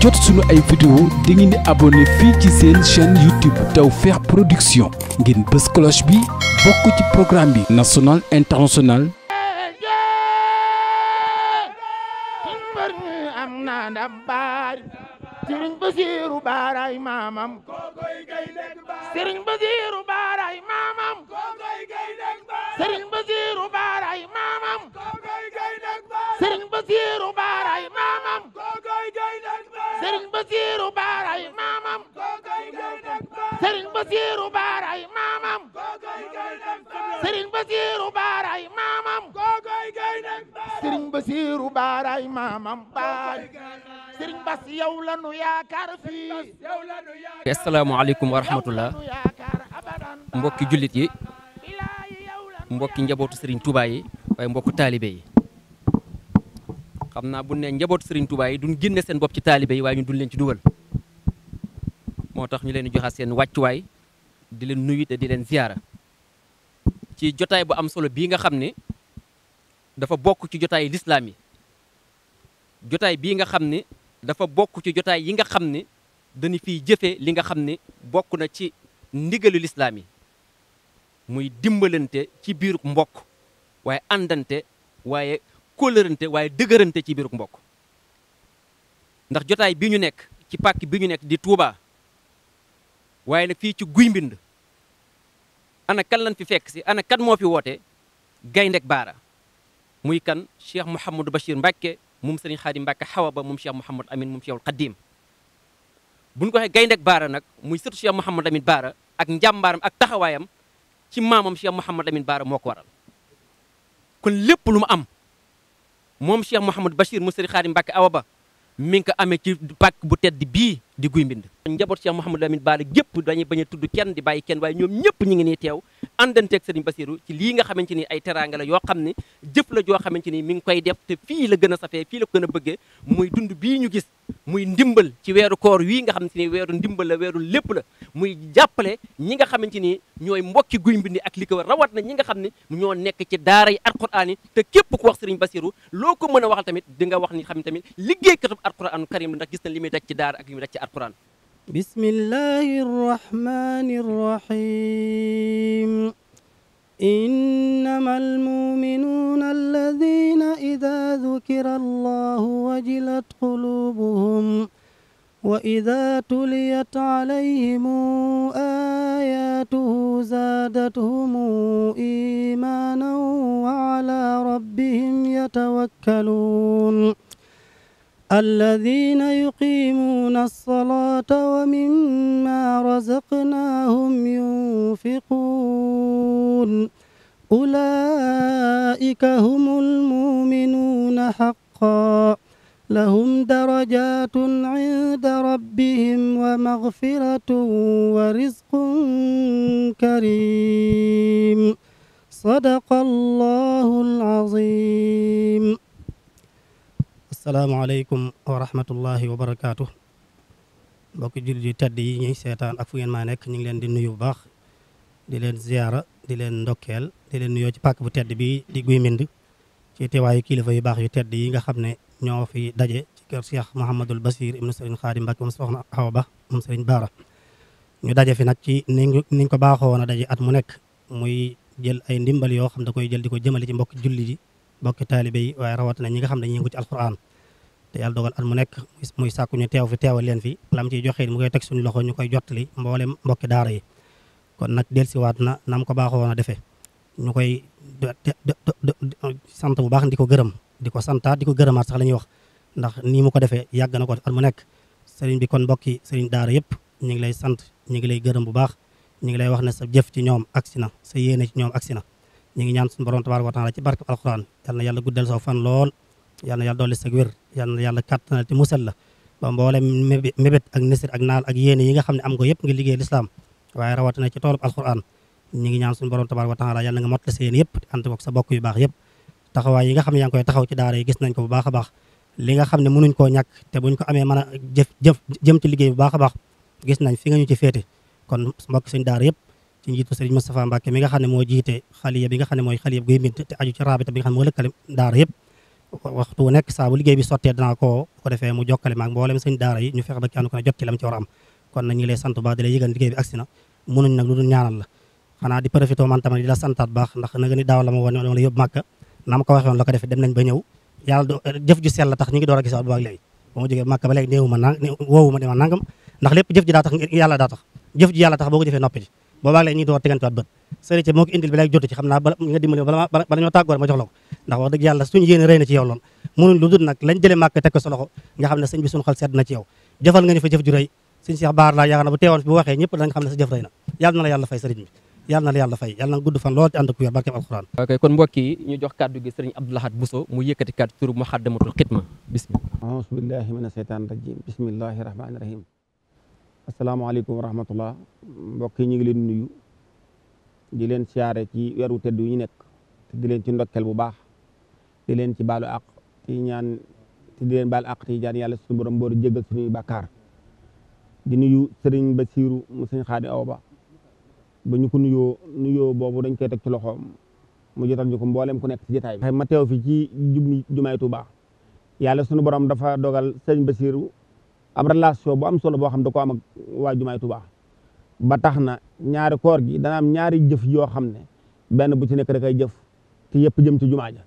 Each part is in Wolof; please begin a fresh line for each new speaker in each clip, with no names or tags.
jot suñu ay vidéo da ngeen di abonné fii ci seen chaîne YouTube Tawfekh Production ngeen bës cloche bi bokk ci programme bi national international
sëriñ Basiiru baaraay maamam sëriñ Basiiru baaraay maamam sëriñ Basiiru baaraay maamam sëriñ Basiiru baaray maamam sëriñ Basiiru baaray maamam baay sëriñ Bas yow la yaakaar fii
asalaamaaleykum wa rahmatullah mbokki jullit yi mbokki njabootu sëriñ Tuubaa yi waaye mbokku taalibe xam naa bu nee njaboot Serigne Touba yi duñ génne seen bopp ci taalibe yi waaye ñu duñ leen ci dugal moo tax ñu leen di joxaat seen wàccuwaay di leen nuyu te di leen ziyaara ci jotaay bu am solo bii nga xam ne dafa bokk ci jotaay lislaam yi jotaay bii nga xam ne dafa bokk ci jotaay yi nga xam ne dañu fiy jëfe li nga xam ne bokk na ci ndigalu lislaam yi muy dimbalante ci biir mbokk waaye àndante waaye kóllërante waaye dëgërante ci biiruk mbokk ndax jotaay bi ñu nekk ci pakk bi ñu nekk di Touba waaye nag fii ci guy mbind ana kan lan fi fekk si ana kan moo fi woote gayndek baara muy kan Cheikh Mouhamadou Bachir Mbacke moom sëriñ Xaadim Mbacke xawa ba moom Cheikh Mouhamad Amin moom Cheikhul Xadim bu ñu ko waxee gayndek baara nag muy sëtu Cheikh Mouhamad Amin baara ak njàmbaaram ak taxawaayam ci maamam Cheikh Mouhamad Amin baara moo ko waral kon moom Cheikh Mouhamadou bashir mu Sëriñ Xaadim Mbàkke Awa Ba mi ngi ko amee bii di guy mbind njaboot Cheikh Mouhamadou Lamine Bara gépp dañuy bañ a tudd kenn di bàyyi kenn waaye ñoom ñëpp ñu ngi nii teew àndanteeg Serigne Bassirou ci lii nga xamante ni ay teraanga yoo xam ne jëf la joo xamante ni mi ngi koy def te fii la gën a safee fii la ko gën a bëggee muy dund bii ñu gis muy ndimbal ci weeru koor wii nga xamante ni weeru ndimbal la weeru lépp la muy jàppale ñi nga xamante ni ñooy mbokki guy mbindi ak li ko war rawat na ñi nga xam ne ñoo nekk ci daara yi alquran yi te képp ku wax Serigne Bassirou ko mën a waxal tamit wax ni xam ne tamit liggéeykatub alquran karim la ndax gis na alquran
bismillahi rrahmani rrahim إنما المؤمنون الذين إذا ذكر الله وجلت قلوبهم وإذا تليت عليهم آياته زادتهم إيمانا وعلى ربهم يتوكلون الذين يقيمون الصلاة ومما رزقناهم ينفقون أولئك هم المؤمنون حقا لهم درجات عند ربهم ومغفرة ورزق كريم صدق الله
العظيم asalaamaaleykum wa rahmatullahi wa barakaatu mbokki jullit yu tedd yi ñuy seetaan ak fu ngeen ma nekk ñu ngi leen di nuyu bu baax di leen ziyaara di leen ndokkeel di leen nuyoo ci pàkk bu tedd bii di guy mbind ci teewaayu kilifa yu baax yu tedd yi nga xam ne ñoo fi daje ci kër Cheikh Mouhamadul Basir ibnu Sëriñ Xaadim Mbàkke moom soxna Awa Ba moom Sëriñ Baara ñu daje fi nag ci ni niñ ko baaxoo woon a daje at mu nekk muy jël ay ndimbal yoo xam da koy jël di ko jëmale ci mbokki jullit yi bokki taalibe yi waaye rawatina ñi nga xam ne dañuy yëngu ci alquran te yàlla dogal at mu nekk muy sàkku ñu teew fi teewal leen fi lam ciy joxe mu koy teg suñu loxo ñu koy jottali mboolem mbokki daara yi kon nag dellusiwaat na nam ko baaxoo woon a defee ñu koy sant bu baax ndi ko gërëm di ko santaat di ko gërëmaat sax la ñuy wax ndax nii mu ko defee yàgg na ko at mu nekk sëriñ bi kon mbokki sëriñ daara yëpp ñu ngi lay sant ñu ngi lay gërëm bu baax ñu ngi lay wax ne sa jëf ci ñoom agsi na sa yéene ci ñoom agsi na ñu ngi ñaan suñu borom tabaaraka wa taala ci barke alxuraan yal na yàlla guddal saw fan lool yal na yàlla dolli sa wér yal na yàlla kàttanal te musal la ba mboolem mébét ak nisir ak naal ak yéene yi nga xam ne am ko yëpp nga liggéey lislaam waaye rawatina ci toolub alxuraan ñu ngi ñaan suñu borom tabaaraka wa taala yal na nga mottali sa yéen yëpp ànd ko sa bokk yu baax yëpp taxawaay yi nga xam ne yaa ngi koy taxaw ci daara yi gis nañ ko bu baax a baax li nga xam ne mënuñ koo ñàkk te buñ ko amee mën a jëf jëm ci liggéey bu baax a baax gis nañ fi nga ñu ci féete kon mbokk suñ daara yëpp ci njiitu Serigne Moustapha Mbacke mi nga xam ne moo jiite xaliya bi nga xam ne mooy xaliya guy mbind aju ci raabita bi nga xam ne moo daara yëpp waxtu nekk saa liggéey bi sottee danaa koo ko defee mu jokkale maag mboolem sëñ daara yi ñu fexe a am kon nag liggéey bi agsi na mënuñ nag lu dul ñaanal la xanaa di profité man tamit di la santaat baax ndax na daaw la ma woon dama la yóbbu màkka na ma ko waxee dem nañ ba ñëw yàlla tax ñu ngi door boobaag léegi ñu ngi door tegantewaat bët sëriñ ci moo ko indil bi lay ci xam naa bala nga dimbali ma jox la ndax wax dëgg yàlla suñu yéene rëy na ci yow lool lu dul nag lañ jële màkk teg ko sa nga xam ne sëñ bi suñu sedd na ci yow jëfal nga ñu fa jëf ju rëy sëñ Baar laa yaakaar na bu bu waxee ñëpp da xam ne sa jëf rëy na yàlla na la fay sëriñ bi yàlla na la fay yàlla na gudd fan lool te ànd ak wér barkeem
asalaamaaleykum wa rahmatullah mbokk yi ñu ngi leen nuyu di leen siyaare ci weeru tedd yu ñu nekk te di leen ci ndokkel bu baax di leen ci baalu ak ci ñaan te di leen baal àq ci jaan yàlla suñu borom booru jéggal suñuy bàkkaar di nuyu sëriñ Basiiru mu sëriñ Xaadi Awa Ba ba ñu ko nuyoo nuyoo boobu dañ koy teg ci loxoom mu jotal ñu ko mboolem ku nekk ci jotaay bi. ma teew fi ci jubmi jumaay Tuubaa yàlla sunu borom dafa dogal sëriñ Basiiru am relation bu am solo boo xam da ko am ak waa jumaay Tuubaa ba tax na ñaari koor gi dana am ñaari jëf yoo xam ne benn bu ci nekk da kay jëf te yëpp jëm ci jumaa ja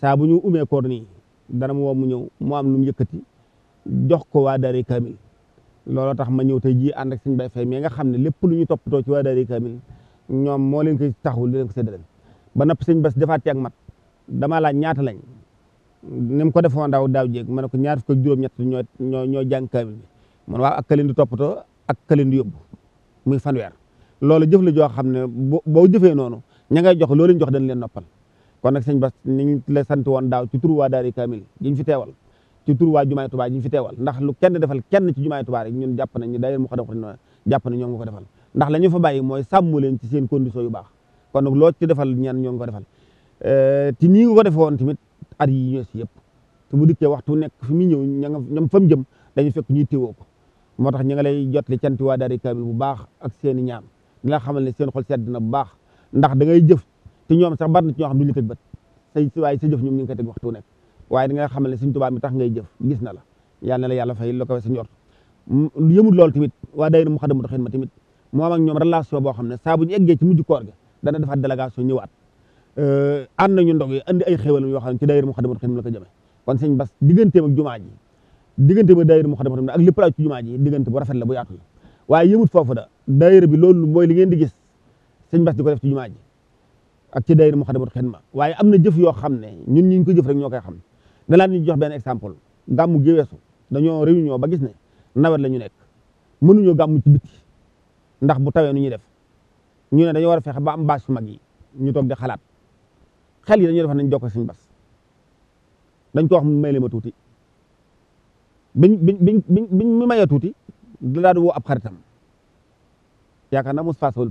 saa bu ñu umee koor nii dana mu woo mu ñëw mu am lu mu yëkkati jox ko waa daari kamil looloo tax ma ñëw tey jii ànd ak ba bay fay mais nga xam ne lépp lu ñu toppatoo ci waa daari kamil ñoom moo leen koy taxul li leen ko séddale ba napp sëñ bés defaat ci ak mat dama laa ñaata lañ ni mu ko defe woon daaw daaw jéeg ma ne ko ñaar fukk ak juróom-ñett ñoo ñoo ñoo jàng kaamil bi man waaw ak këleen di toppatoo ak këleen di yóbbu muy fanweer loolu jëf la joo xam ne boo jëfee noonu ña ngay jox loolu ñu jox dañ leen noppal kon nag sëñ Bass ni ñu la sant woon daaw ci turu waa daari kaamil ji ñu fi teewal ci turu waa jumaay Tuubaa ji ñu fi teewal ndax lu kenn defal kenn ci jumaay Tuubaa rek ñun jàpp nañ ñu daayira Moukhaddamatoul Khidma jàpp na ñoo ngi ko defal ndax la ñu fa bàyyi mooy sàmm leen ci seen condition yu baax kon nag loo ci defal ñenn ñoo ngi ko defal ci nii nga ko defe woon tamit at yi wees yëpp te bu dikkee waxtu nekk fi muy ñëw ña nga ñoom fa mu jëm dañu fekk ñuy téwoo ko moo tax ñu ngi lay jot li cant waa daari kaamil bu baax ak seen i ñaan di la xamal ne seen xol sedd na bu baax ndax da ngay jëf te ñoom sax bari na ci ñoo xam duñu la teg bët say waaye sa jëf ñoom ñu ngi koy teg waxtu nekk waaye da nga xamal ne suñ tubaab mi tax ngay jëf gis na la yàlla na la yàlla fay lo ko sa njort yëmul loolu tamit waa daayira mu xadamatu xidma tamit moom ak ñoom relation boo xam ne saa bu ñu eggee ci mujj koor ga dana Euh, ànd nañu ndog yi andi ay xéwal yoo xam ne ci daayira Moukhaddamatoul Khidma la ko jëmee kon sëñ Bass digganteem ak jumaa ji digganteem ak daayira Moukhaddamatoul Khidma ak lépp laa ci jumaa ji diggante bu rafet la bu yaatu la waaye yëmut foofu da daayira bi loolu mooy li ngeen di gis sëñ Bass di ko def ci jumaa ji ak ci daayira Moukhaddamatoul Khidma waaye am na jëf yoo xam ne ñun ñu ko jëf rek ñoo koy xam da laa ñu jox benn exemple gàmmu gi weesu dañoo réunion ba gis ne nawet la ñu nekk mënuñoo gàmm ci biti ndax bu tawee nu ñuy def ñu ne dañoo war a fexe ba am bâche mag yi ñu toog di xalaat xel yi dañuy def nañ jokkoo sëñ bas dañ ko wax mu may tuuti biñ biñ biñ biñ mu mayee tuuti da daal di woo ab xaritam yaakaar naa Moussa Sow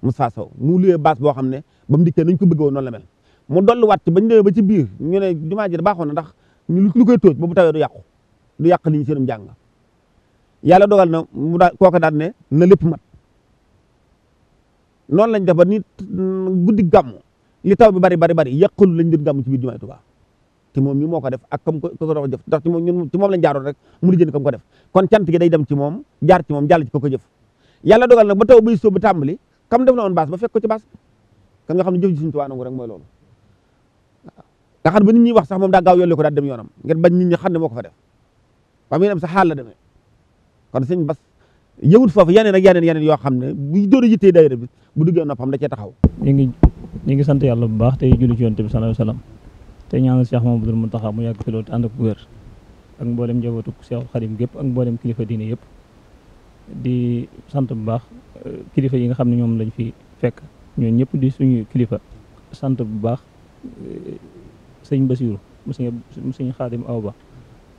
la Sow mu luyee baas boo xam ne ba mu dikkee nañ ko bëggoon noonu la mel mu dolliwaat ci bañ demee ba ci biir ñu ne jumaa ji da baaxoon na ndax ñu lu koy tóoj ba bu tawee du yàqu du yàq nit ñi seenum jàng yàlla dogal na mu daal kooka ne na lépp mat noonu lañ def ba nit guddi gàmmu li taw bi bari bari bari yàqul lañ doon gàmm ci biir jumaay Tuubaa te moom mi moo ko def ak comme ko ko doon jëf ndax ci moom ñun ci moom lañ jaaroon rek mu di jënd comme ko def kon cant gi day dem ci moom jaar ci moom jàll ci ko ko jëf yàlla dogal nag ba taw biy sóobu tàmbali kam def na woon baas ba fekk ko ci baas kan nga xam ne jëf ji suñu Tuubaa nangu rek mooy loolu nga xam ne ba nit ñi wax sax moom daa gaaw yolli ko daal dem yoonam ngeen bañ nit ñi xam ne moo ko fa def waaye mi dem sa xaal la demee kon sëñ bas yëwut foofu yeneen ak yeneen yeneen yoo xam ne bu dóor a yittee daayira
bi bu duggee noppam da cee taxaw ñu ngi sant yàlla bu baax tey julli ci yonte bi sallallahu alayhi wasallam tey ñaanal Cheikh Mamadou Mountakha mu yàgg fi loolu te ànd ak wér ak mboolem njabootu Cheikh Khadim gépp ak mboolem kilifa diine yëpp di sant bu baax eh, kilifa yi nga xam ne ñoom lañu fi fekk ñoo ñëpp di suñu kilifa sant bu baax eh, sëñ Basiru mu sëñ Xaadim Awa Ba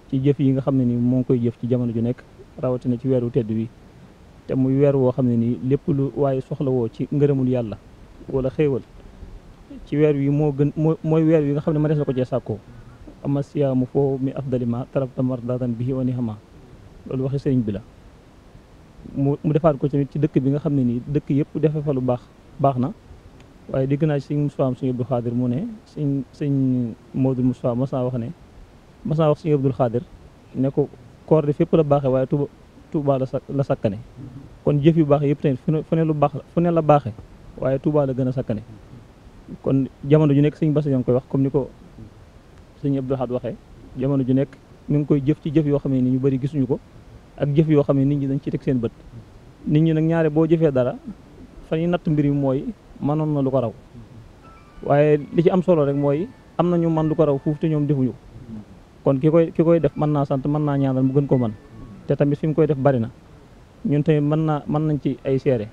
ci jëf yi nga xam ne ni moo ngi koy jëf ci jamono ju nekk rawatina ci weeru tedd wi te muy weer woo xam ne nii lépp lu waaye soxlawoo ci ngërëmul yàlla wala xéewal ci weer wi moo gën moo mooy weer wi nga xam ne ma des na ko cee sàkkoo ama siyaamu foo mi afdalima tarabta mardatan bihi wa nihama loolu waxi sëriñ bi la mu mu defaat ko tamit ci dëkk bi nga xam ne nii dëkk yëpp defee fa lu baax baax na waaye dégg naa ci sëñ Moussa am sëñ Abdul Xaadir mu ne sëñ sëñ Modou Moussa mas naa wax ne mas naa wax sëñ Abdul Xaadir ne ko koor de fépp la baaxee waaye Tuuba Tuuba sa la sakkane kon jëf yu baax yëpp tamit fu ne fu ne lu baax fu ne la baaxee waaye Tuuba la gën a sakkane kon jamono ju nekk sëñ Bass yoon koy wax comme ni ko sëñ Abdou Lahad waxee jamono ju nekk mi ngi koy jëf ci jëf yoo xam ne ni ñu bëri gisuñu ko ak jëf yoo xam ne nit ñi dañ ci teg seen bët nit ñi nag ñaare boo jëfee dara fan ñuy natt mbir mi mooy mënoon na lu ko raw waaye li ci am solo rek mooy am na ñu man lu ko raw fuuf te ñoom defuñu kon ki koy ki koy def mën naa sant mën naa ñaanal mu gën ko mën te tamit fi mu koy def bari na ñun tamit mën naa mën nañ ci ay seere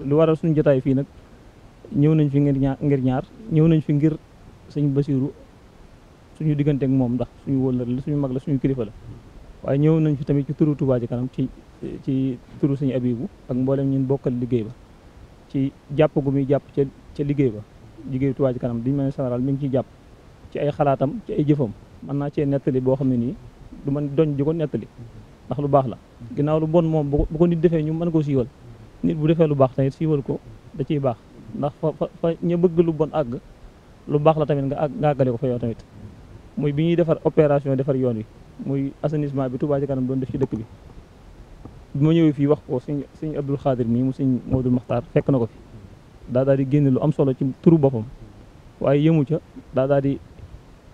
lu waral suñ jotaay fii nag ñëw nañ fi ngir ñaar ngir ñaar ñëw nañ fi ngir sëñ Basiiru suñu digganteek moom ndax suñu wóllër la suñu mag la suñu kilifa la waaye ñëw nañ fi tamit ci turu Touba Kanam ci ci turu sëñ Abibu ak mboolem ñun bokkal liggéey ba ci jàpp gu muy jàpp ca ca liggéey ba liggéey Touba Ca Kanam diñu mel ne général mi ngi ciy jàpp ci ay xalaatam ci ay jëfam mën naa cee nettali boo xam ne nii du man doñ di ko nettali ndax lu baax la ginnaaw lu bon moom bu ko nit defee ñu mën ko siiwal nit bu defee lu baax tamit siiwal ko da ciy baax ndax fa fa fa ñu bëgg lu bon àgg lu baax la tamit nga àgg nga àggale ko fa yow tamit muy bi ñuy defar opération defar yoon wi muy assainissement bi Touba ci kanam doon def ci dëkk bi bi ma ñëwee fii wax ko sëñ sëñ Abdul Xaadir mii mu sëñ Modou Maxtaar fekk na ko fi daa daal di génne lu am solo ci turu boppam waaye yëmu ca daa daal di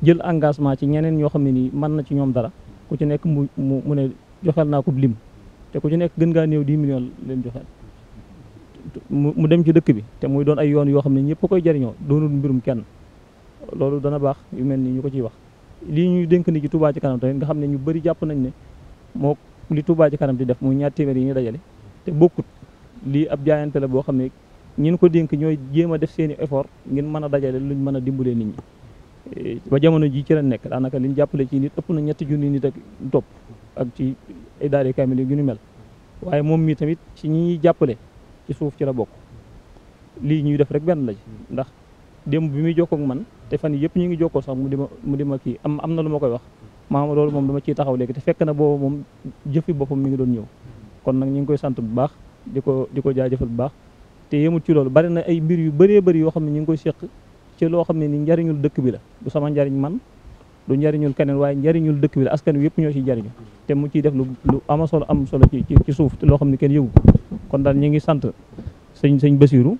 jël engagement ci ñeneen ñoo xam ne nii mën na ci ñoom dara ku ci nekk mu mu mu ne joxel naa ko lim te ku ci nekk gën ngaa néew 10 millions leen joxeel mu dem ci dëkk bi te muy doon ay yoon yoo xam ne ñëpp koy jariñoo doonul mbirum kenn loolu dana baax yu mel ni ñu ko ciy wax lii ñuy dénk ni ci Touba ci kanam nga xam ne ñu bëri jàpp nañ ne moo li Touba ci kanam di def muy ñaar téeméer yi ñu dajale te bokkut lii ab jaayante la boo xam ne ñin ko dénk ñooy jéem a def seeni effort ngeen mën a dajale luñ mën a dimbalee nit ñi ba jamono ji ci la nekk daanaka liñ jàppale ci nit ëpp na ñetti junni nit ak topp ak ci idaare kaamil yu ñu mel waaye moom mii tamit ci ñi ñuy jàppale ci suuf ci la bokk lii ñuy def rek benn la ci ndax démb bi muy jokkoog man te fan yëpp ñu ngi jokkoo sax mu di ma mu di ma kii am am na lu ma koy wax maama loolu moom dama ciy taxaw léegi te fekk na boobu moom jëfi boppam mi ngi doon ñëw kon nag ñu ngi koy sant bu baax di ko di ko jaajëfal bu baax te yemut ci loolu bari na ay mbir yu bëree bëri yoo xam ne ñu ngi koy seq ci loo xam ne ni njariñul dëkk bi la du sama njariñ man du njariñul keneen waaye njariñul dëkk bi askan wi yëpp ñoo ci jariñu te mu ciy def lu lu ama solo am solo ci ci suuf loo xam ne kenn yëgu kon daal ñu ngi sant sëñ sëñ Basiru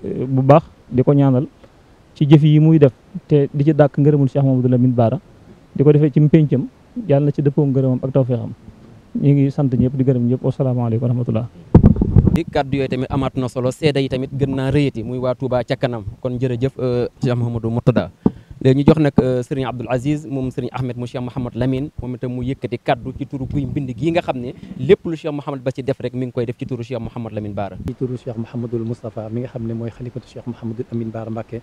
eh, bu baax di ko ñaanal ci jëf yi muy def te di ci dàkk ngërëmul Cheikh Mamadou Lamine Bara di ko defee ci mpéncam yàlla na ci dëppoo ngërëmam ak tawfeexam ñu ngi sant ñëpp di gërëm ñëpp wasalaamaaleykum wa rahmatullah
di kàddu yooyu tamit amaat na solo seeda yi tamit gën naa rëyati muy waa Touba ca kanam kon jërëjëf eh, Cheikh Mahamadou Murtada léegi ñu jox nag euh, sëriñ Abdoul Aziz moom sëriñ Ahmed mu Cheikh Mouhamad Lamine moom itam mu yëkkati kaddu ci turu kuy mbind gii nga xam ne lépp lu Cheikh Mouhamad ba ci def rek mi ngi koy def ci turu Cheikh Mouhamad Lamine Baara ci turu Cheikh Mouhamadul
Moustapha mi nga xam ne mooy xalifatu Cheikh Mouhamadul Amine Baara Mbacke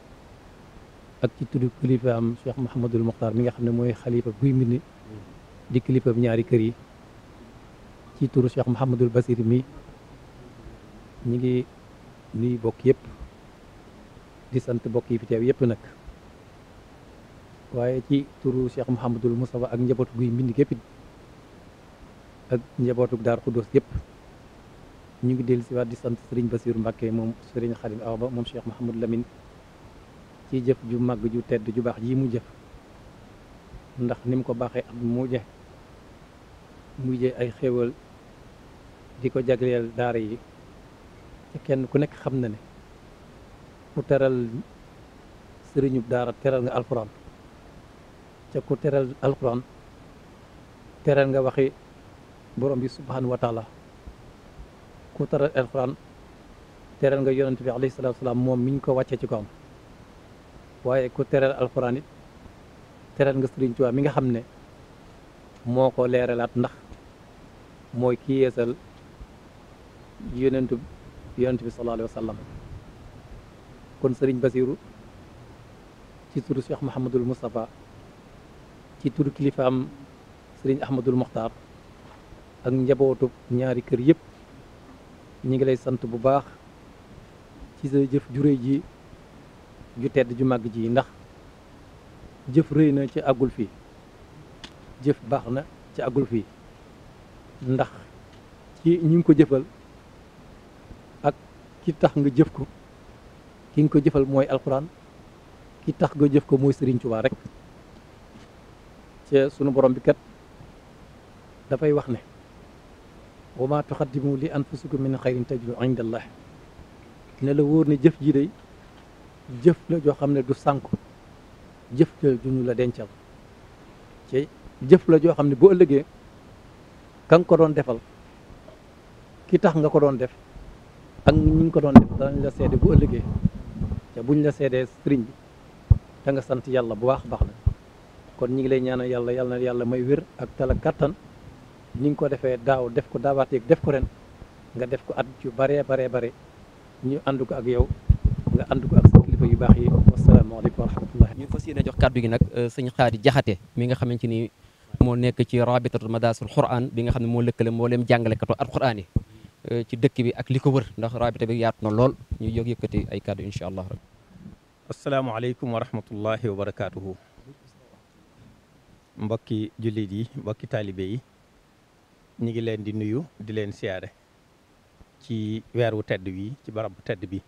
ak ci turu kilifaam Cheikh Mouhamadul Mokhtar mi nga xam ne mooy xalifa guy mbind di kilifaam ñaari kër yi ci turu Cheikh Mouhamadul Basir mi ñi ngi nuyu bokk yëpp di sant bokk yi yëpp nag waaye ci turu Cheikh Mouhamadul Moustapha ak njabootu guy mbind gépp ak njabootu daar Xuddoos gépp ñu ngi dellu si waat di sant Serigne Bassirou Mbacké moom Serigne Khadim aw Ba moom Cheikh Mouhamadou Lamine ci jëf ju màgg ju tedd ju baax ji mu jëf ndax ni ko baaxee am mu je mu je ay xéewal di ko jagleel daara yi kenn ku nekk xam na ne ku teral sëriñub daara teral nga alxuraan ca ku teral alquran teral nga waxi borom bi subhanahu wa taala ku teral alquran teral nga yonent bi alayhi salatu wasalaam moom miñ ko wàccee ci kawam waaye ku teral alquran it teral nga Sëriñ Tuubaa mi nga xam ne moo ko leeralaat ndax mooy kii yeesal yonentu yonent bi sallallahu alayhi kon Sëriñ Basiru ci suru turu Cheikh Mouhamadul Moustapha ci turu kilifaam sëriñ Ahmadul Moxtaar ak njabootu ñaari kër yëpp ñu ngi lay sant bu baax ci sa jëf ju ji ju tedd ju màgg ji ndax jëf rëy na ci àggul fii jëf baax na ci àggul fii ndax ci ñu ngi ko jëfal ak ki tax nga jëf ko ki nga ko jëfal mooy alxuraan ki tax nga jëf ko mooy sëriñ Tuubaa rekk ca sunu borom bi kat dafay wax ne wa maa tuqaddimu li anfusikum min xayrin tajidu inda allah ne la wóor ne jëf ji day jëf la joo xam ne du sànku jëf la ju ñu la dencal ce jëf la joo xam ne bu ëllëgee ka nga ko doon defal ki tax nga ko doon def ak ñu ko doon def danañ la seede bu ëllëgee te buñ la seedee sëriñ bi da nga sant yàlla bu baax baax la kon ñi ngi lay ñaanal yàlla yàlla yàlla may wér ak tala kattan ni nga ko defee daaw def ko daawaatee def ko ren nga def ko at yu baree baree bare ñu ànd ko ak yow nga ànd ko ak sa kilifa yu baax yi wasalaamaaleykum wa rahmatullah ñu fas yéene jox kàddu gi
nag euh, sëñ Xaadi Jaxate mi nga xamante ni moo nekk ci rabitatu madasul quran bi nga xam ne moo lëkkale moo leen jàngalekatu al quran euh, ci dëkk bi ak li ko wër ndax rabita bi yaatu na lool
ñu jóg yëkkati ay kàddu incha allah rabbi asalaamaaleykum wa rahmatullahi mbokki jullit yi mbokki taalibe yi ñu ngi leen di nuyu di leen siyaare ci weeru tedd wi ci barab tedd bi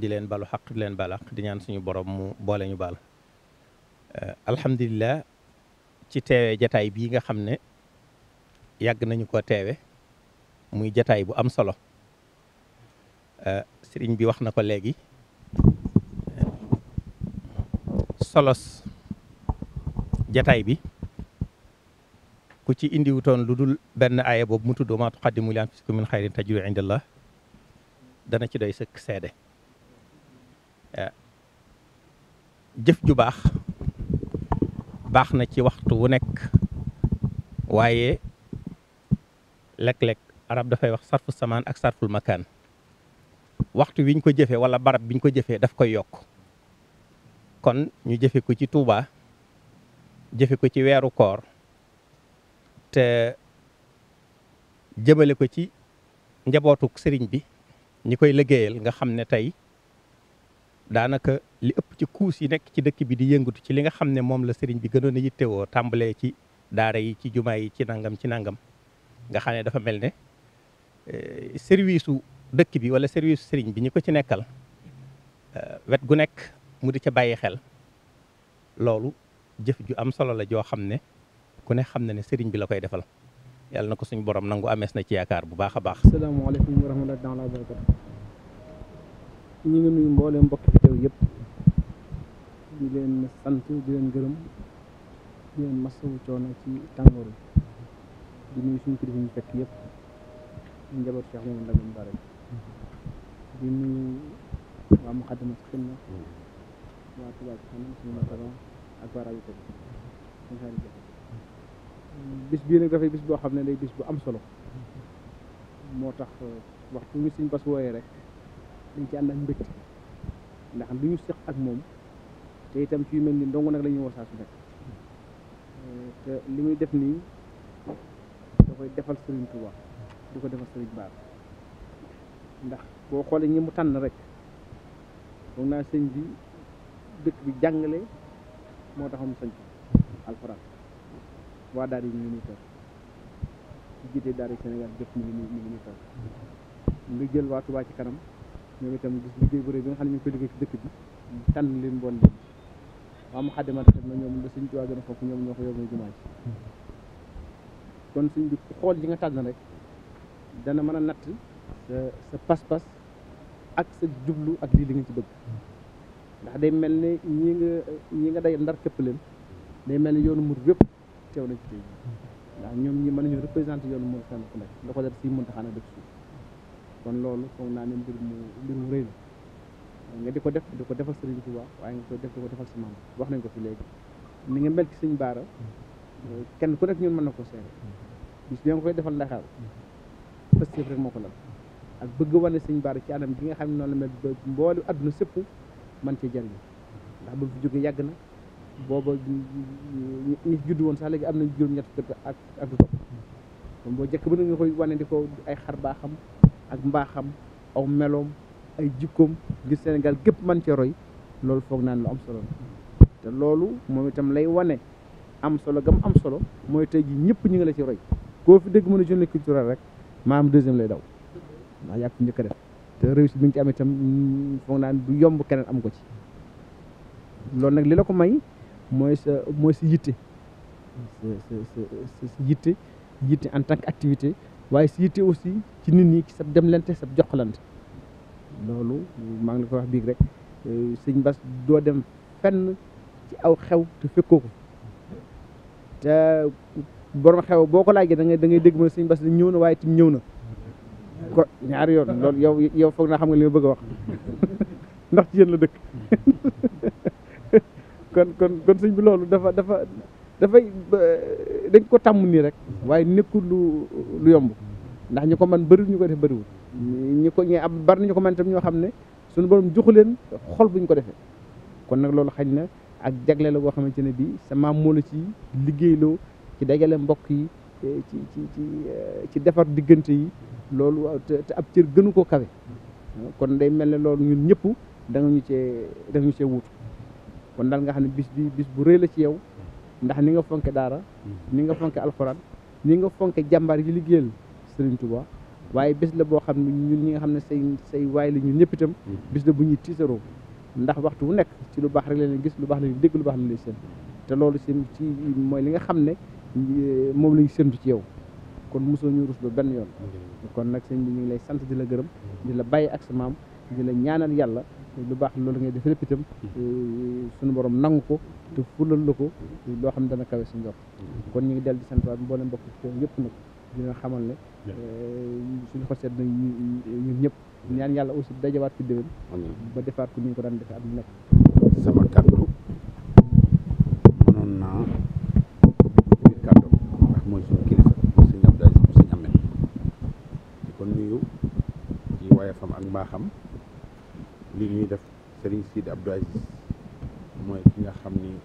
di leen balu xaq leen balaq di ñaan suñu borom mu boole ñu baal eh, ci teewee jataay bii nga xam ne yàgg nañu ko teewe muy jataay bu am solo eh, sëriñ bi wax na ko léegi eh, solos jataay bi ku ci indiwutoon lu dul benn aaya boobu mu tudd maa tuqaddimu li anfusikum min xayrin tajidu indallah dana ci doy sëkk seede eh, jëf ju baax baax na ci waxtu wu nekk waaye lekk-lekk arab dafay wax sarfu samaan ak sarful makaan waxtu wiñ ko jëfee wala barab biñ ko jëfee daf koy yokk kon ñu jëfe ko ci Tuubaa jëfe ko ci weeru koor te jëmale ko ci njabootuk sëriñ bi ñi koy liggéeyal nga xam ne tey daanaka li ëpp ci kuus yi nekk ci dëkk bi di yëngatu ci li nga xam ne moom la sëriñ bi gënoon a yittewoo tàmbalee ci daara yi ci jumaa yi ci nangam ci nangam nga xam ne dafa mel ne eh, service su dëkk bi wala service su sëriñ bi ñi ko ci nekkal eh, wet gu nekk mu di ca bàyyi xel loolu jëf ju am solo la joo xam ne ku ne xam na ne sëriñ bi la koy defal yàlla na ko suñ borom nangu amees na ci yaakaar bu baax a baax.
asalaamaaleykum wa rahmatullaahi wa barakaatuh. ñu ngi nuyu mbooleem mbokk ci tàngoor bi di nuyu suñu kilifa ñu fekk waa Muxaddamatul Xidma mm-hmm. waa Tuubaa ci kanam suñu ak baaraam yu tegu bis bii nag dafay bis boo xam ne day bis bu am solo moo tax euh, waxtu wi suñ bas wooyee rek dañ ci ànd ak mbégte ndax lu ñu seq ak moom te itam ci mel ni ndongo nag la ñuy wasaa su euh, te li muy def nii da koy defal Serigne Touba du ko defal Serigne Bara ndax boo xoolee ñi mu tànn rek foog naa sëñ bi dëkk bi jàngale moo taxoon sañ alxuraan waa daal yi ñu ngi nii toog ci jiite daara ngi nii ñu ngi nii toog jël waa Touba ci kanam ñoom itam gis liggéey bu ne ñu ngi koy liggéey leen bon leen waa mu xàddimat na ñoom la suñ Touba gën a ñoom ñoo ko yóbbu jumaa ji kon suñ bi xool yi nga tànn rek dana mën a natt sa sa pas-pas ak sa jublu ak lii li nga ci bëgg ndax day mel ni ñi nga ñi nga day ndar képp leen day mel ni yoonu mur yëpp teew na ci tey ndax ñoom ñi mën nañu représenté yoonu mur kenn ku nekk da ko def si mën taxaan a def kon loolu foog naa ne mbir mbir mu rëy la nga di ko def di ko defal sëriñ ci wax waaye nga koy def di ko si maam wax nañ ko fi léegi ni nga mel ci suñ baara kenn ku nekk ñun mën na ko seere bis bi nga koy defal ndaxaar pëstif rek moo ko la ak bëgg wane suñ baara ci anam gi nga xam ne noonu la mel mboolu adduna sëpp man cee jëriñu ndax ba mu fi jógee yàgg na booba ñi judd woon sax léegi am nañ juróom-ñett fukki ak ak du topp kon boo jëkk ba na nga koy wane di ko ay xar baaxam ak mbaaxam aw meloom ay jikkoom ngir Sénégal gépp man cee roy loolu foog naan lu am solo la te loolu moom itam lay wane am solo gam am solo mooy tey ji ñëpp ñu ngi la ci roy koo fi dégg mën a journée culturelle rek maam deuxième lay daw ndax yàgg njëkk def te réussite bi nga ci am itam foog naa du yomb keneen am ko ci loolu nag li la ko may mooy sa mooy sa yitte
sa
yitte yitte en tant activité waaye sa yitte aussi ci nit ñi sa demlante sa joxlante loolu maa ngi la ko wax biig rek eh, sëñ Bass doo dem fenn ci aw xew te fekkoo ko te borom xew boo ko laajee da ngay da ngay dégg ma sëñ Bass ñëw na waaye tim ñëw na ko ñaari yoon loolu yow yow foog naa xam nga leen ma bëgg a wax ndax ci yéen la dëkk kon kon kon sëñ bi loolu dafa dafa dafa dañ ko tàmm nii rek waaye nekkul lu lu yomb ndax ñu ko man bëriwul ñu ko def bëriwul ñu ko ñu am bari nañu ko man tam ñoo xam ne suñu borom joxu leen xol buñ ko defee kon nag loolu xañ na ak jagle la boo xamante ne bii sama moo la ci liggéeyloo ci dajale mbokk yi ci ci ci eh, ci defar diggante yi loolu te ab cër gënu ko kawe kon day mel ne loolu ñun ñëpp danga nga ñu cee da nga ñu kon daal nga xam ne bis bi bis bu rëy la ci yow ndax ni nga fonke daara ni nga fonke alxuraan ni nga fonke jàmbaar yi liggéeyal Serigne Touba waaye bés la boo xam ne ñun ñi nga xam ne say say waay la ñun ñëpp itam bis la bu ñuy tiitaroo ndax waxtu wu nekk ci lu baax rek la leen gis lu baax la leen dégg lu baax la leen seen te loolu ci ci mooy li nga xam ne moom lañu séntu ci yow kon mosoo ñu rus ba benn yoon kon nag sëñ bi ñu ngi lay sant di la gërëm di la bàyyi ak sa maam di la ñaanal yàlla lu baax loolu ngay def lépp itam suñu borom nangu ko te fulal la ko loo xam ne dana kawe suñu jox kon ñu ngi del di sant waat mboolem mbokk ci yëpp nag dina xamal ne suñu xol seet na ñun ñëpp ñaan yàlla aussi dajawaat
ci déwén ba defaat ko ni ñu ko daan defee at mu nekk sama kàddu mbaaxam lii ñuy def Serigne Sidi Abdou Aziz mooy ki nga xam ni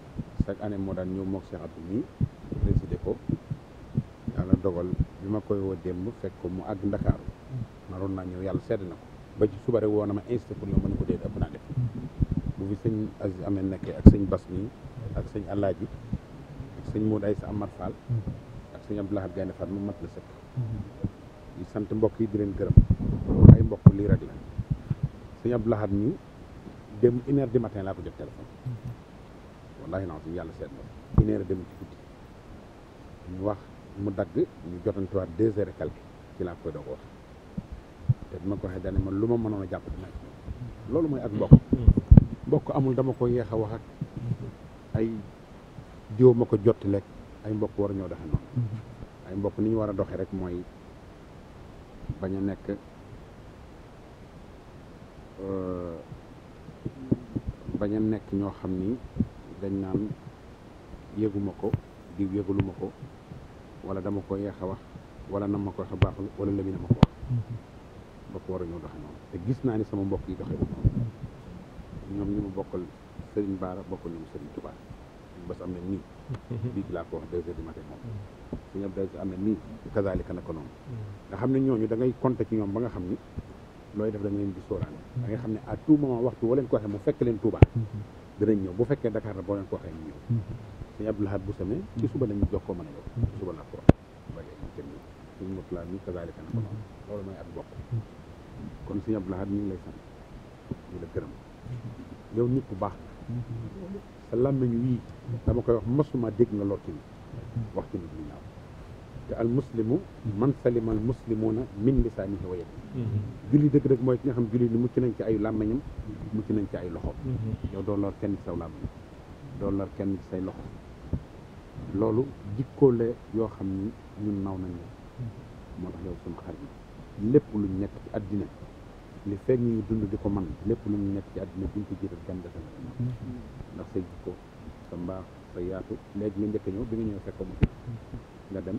chaque année moo daan ñëw moog Cheikh Abdou mi présidé ko yàlla dogal bi ma koy woo démb fekk ko mu àgg Ndakaaru naroon naa ñëw yàlla sedd na ko ba ci suba rek woo na ma insisté pour ñëw mën ko dee ëpp naa def bu fi sëñ Aziz amee nekkee ak sëñ Bas mi ak sëñ Alaaji ak sëñ Modou Aïssa Amar Fall ak sëñ Abdoulaye Gaynde Fall mu mat la sëkk mm-hmm. di sant mbokk yi di leen gërëm ay mbokk lii rek la sëñ Abdou Lahad mi dem une heure du matin laa ko jot téléphone wallaahi naa suñu yàlla seet na une heure dem ci guddi mu wax mu dagg ñu jotantuwaat deux heures et quelques ci laa koy doog wax te dama ko waxee dane man lu ma mënoon jàpp dinaa ci loolu mooy ak mbokk mbokk amul dama ko yeex a wax ak ay diw ma ko jot lekk ay mbokk war ñoo doxe noonu mm-hmm. ay mbokk ni ñu war a doxe rek mooy bañ nekk Euh, bañ nekk ñoo xam ni dañ naan yéguma ko diw yëgaluma ko wala dama ko yeex a wax wala na ma ko wax a baaxul walla lëmi na ma ko wax ba ko war a ñoo doxe noonu te gis naa ni sama mbokk yi doxe mm-hmm. ñoom ñu mu bokkal Sëriñ Baara bokkal ñu mu Sëriñ Tuubaa bas am na nii mm-hmm. biig laa ko wax deux heures du matin moom mm-hmm. suñu am na nii kazaalika na noonu nga xam ne ñooñu da ngay ñoom ba nga xam ni looy def da nga leen di sóoraale da nga xam ne à tout moment waxtu boo leen ko waxee mu fekk leen Touba danañ ñëw bu fekkee Dakar la boo leen ko waxee ñu ñëw sëñ Abdou Lahad bu samee ci suba lañuy jox ko mën a yow ci suba laa ko wax bage ñu kenn suñ motulaa mooy ak bokk kon sëñ Abdou Lahad ñu ngi lay sant ñu la gërëm yow nit ku baax sa làmmiñ wii dama koy wax masuma dégg nga lor ci wax ci nit lu ñaaw te al muslimu man salima al muslimuna na lisaanihi wa yadihi mhm. julli dëgg dëgg mooy ki nga xam julli ni mucc nañ ci ay làmmiñam mucc nañ ci ay loxo mhm. yow doo lor kenn ci saw làmmiñ doo kenn ci say loxo loolu jikkoo la yoo xam ni ñun naw nañ la mhm. moo tax yow suñu xarit lépp luñ nekk ci àddina li fekk ñu ngi dund di ko man lépp luñ nekk ci àddina buñ ko jiital kenn defal ndax say jikko sa mbaax sa yaatu ñëw bi ñëw fekk ko nga dem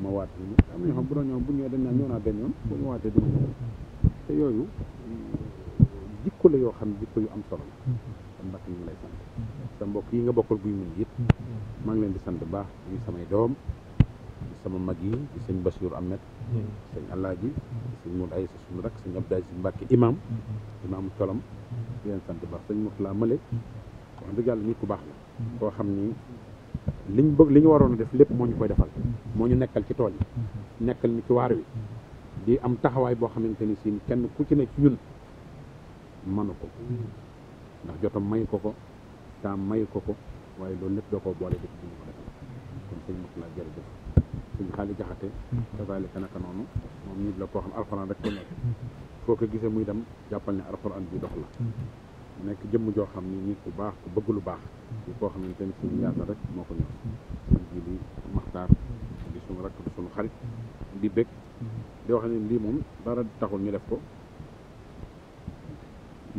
ma waat am nañu xam bu doon ñoom bu ñëwee dañ naan ñëw naa benn yoon bu ñu waatee du te yooyu jikko la yoo xam ne jikko yu am solo la kon mbakk mbokk yi nga bokkal guy mun it maa ngi leen di sant bu baax ñu samay doom di sama mag yi di sëñ Basiir Ahmed sëñ Alaaji sëñ Mour Aysa suñu rak si Mbàkke imam leen sant baax sëñ Mourtala Malick wax dëgg yàlla nit ku baax la koo xam ni liñ bëgg li ñu waroon def lépp moo ñu koy defal moo ñu nekkal ci tool yi nekkal ni ci waar wi di am taxawaay boo xamante ni siin kenn ku ci ne ci ñun mënu ko ndax jotam may ko ko temps may ko ko waaye loolu lépp doo ko boolee def ci ñu ko defal kon sëñ Moussa noonu moom nit la koo xam alxuraan rek ko nekk foo ko gisee muy dem jàppal ne alxuraan bi dox la nekk jëmm joo xam ni nit ku baax ku bëgg lu baax ñi mm-hmm. koo xam ne si suñu yàlla rek moo ko ñor mm-hmm. suñ ji li maxtaar mm-hmm. di suñu rakk di suñu xarit di bég di wax ne lii moom dara taxul ñu def ko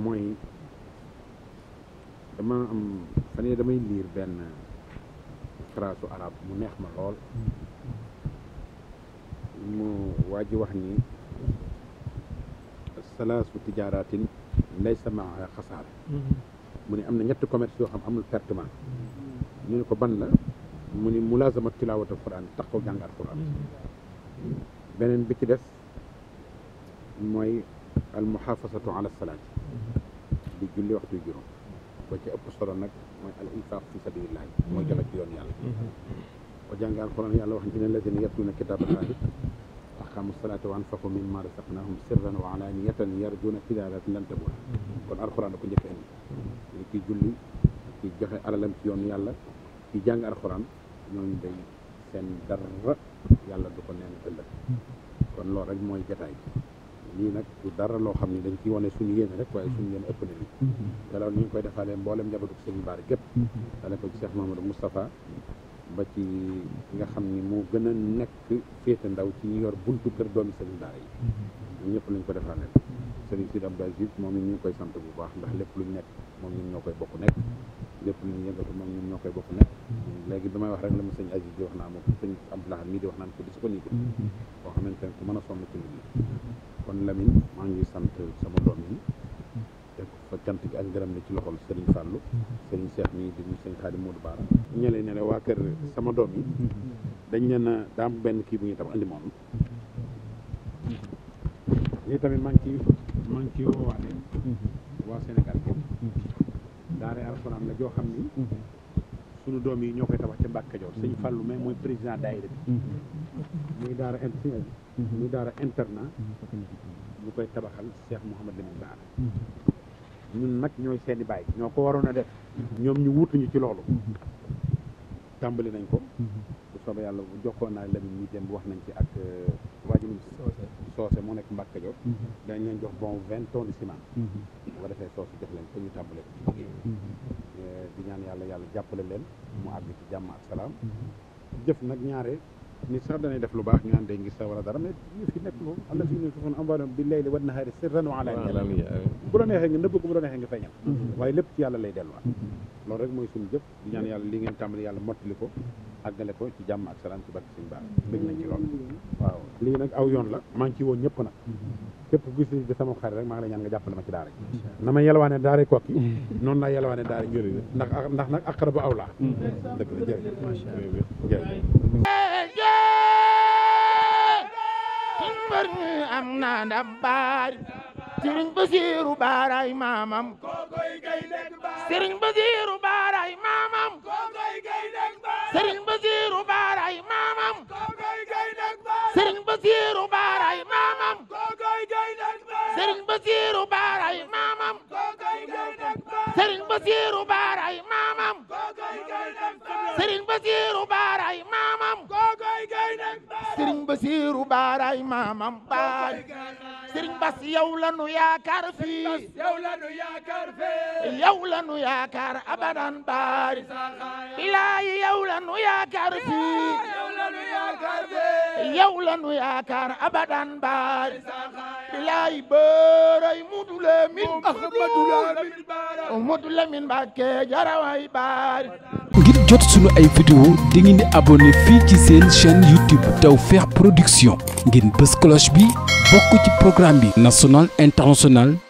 mooy dama am fan yii damay liir benn trasu arab mu neex ma lool mu waa ji wax ni salaasu tijaaraatin laysa maa xasaara mu ne am na ñetti commerce yoo xam amul pertement
mm-hmm.
ñu ne ko ban la mu ni mulaasama tilaawat alquran tax ko jàng alquran mm-hmm. beneen bi ci des mooy almuxaafasatu ala salaati mm-hmm. di julli waxtu juróom ba ci ëpp solo nag mooy al infaq fi sabilillahi mooy joxe ci yoon yàlla ko jàng alquran yàlla wax ne ci ne lazina yatluuna aqaamu salaata wa anfaqu mimma razaqnahum sirran wa alaaniyatan yarjuuna tijaaratan lan tabuur kon alxuraan da ko njëkk a indi ki julli ki joxe alalam ci yoonu yàlla ki jàng alxuraan ñooñu day seen dara yàlla du ko neen ëllëg kon loolu rek mooy jataay lii nag du dara loo xam ne dañ ci wane suñu yéene rek waaye suñu yéene ëpp ñu ngi koy defalee mboolem njabootu sëñ Baar gépp dale ko ci Cheikh Mamadou Moustapha ba ci nga xam ni moo gën a nekk féete ndaw ci ñu yor buntu kër doomi sëriñ daara yi
mm-hmm.
ñëpp lañ ko defaale mm-hmm. sëriñ Sidi Abdou Aziz moom it ñu koy sant bu baax ndax lépp luñ nekk moom ñun ñoo koy bokk nekk lépp luñ yëngatu moom ñun ñoo koy bokk nekk mm-hmm. léegi damay wax rek la ma sëñ Aziz di wax naa moom sëñ Abdoulaye mii di wax naan ko di su ko nii boo xamante ne ku mën a sonn ci nit ñi kon Lamine maa ngi sant sama doom yi fa cant gi ak ngërëm li ci loxol sëriñ Fàllu sëriñ Cheikh mi di sëriñ Xaadim Modou Baara ñële ne la waa kër sama doom yi dañ leen a daam benn kii bu ñuy tax andi moom tamit maa ngi ciy maa ngi ciy woowaale waa Sénégal képp daara alxuraan la joo xam ni suñu doom yi ñoo koy tabax ca Mbàkke Kajoor sëñ Fàllu mais mooy président daayira bi muy daara inter muy daara internat ñu koy tabaxal Cheikh Mouhamad Lamine Bara ñun nag ñooy seeni bàyyi ñoo ko waroon a def ñoom ñu wutuñu ci loolu tàmbali nañ ko bu soobee yàlla bu jokkoon naa Lamine ñi dem wax nañ ci ak euh, waajunum soose moo nekk Mbàkke Joor mhm. dañ leen jox bon vingt tonnes de ciment mhm. bu ko defee soose jox leen ko ñu tàmbale ko
euh,
di ñaan yàlla yàlla jàppale leen mu mhm. àgg ci jàmm ak salaam jëf nag ñaare nit sax danay def lu baax ñu naan day ngis sa wala dara mais ñu nekk moom alla si ñu soxoon ambaadam bi layli wan nahaari sirran wa bu la neexee nga nëbb ko bu la neexee nga feeñal mhm. waaye lépp ci yàlla lay delluwaat mhm. loolu rek mooy suñu jëf di ñaan yàlla li ngeen tàmbali yàlla mottali ko àggale ko ci jàmm ak salaam ci barke suñu baax bëgg nañ ci lool mhm. lii nag aw yoon la maa ngi ci woon ñëpp nag képp ku gis di sama xarit rek maa ngi lay ñaan nga jàppale ma ci daara ji na ma yelwaane daara kokki noonu laa yelwaane daara jëri ndax ndax nag aqrabu awla
dëgg la jërëjëf jërëjëf
am naa ndam baar sëriñ Basiiru baaraay maamam la nu yaakaar fii yow la nu yaakaar
ngir jot sunu ay vidéo di ngeen di fii ci seen chaîne YouTube Tawfekh Production ngeen bës cloche bi bokk ci programme bi national international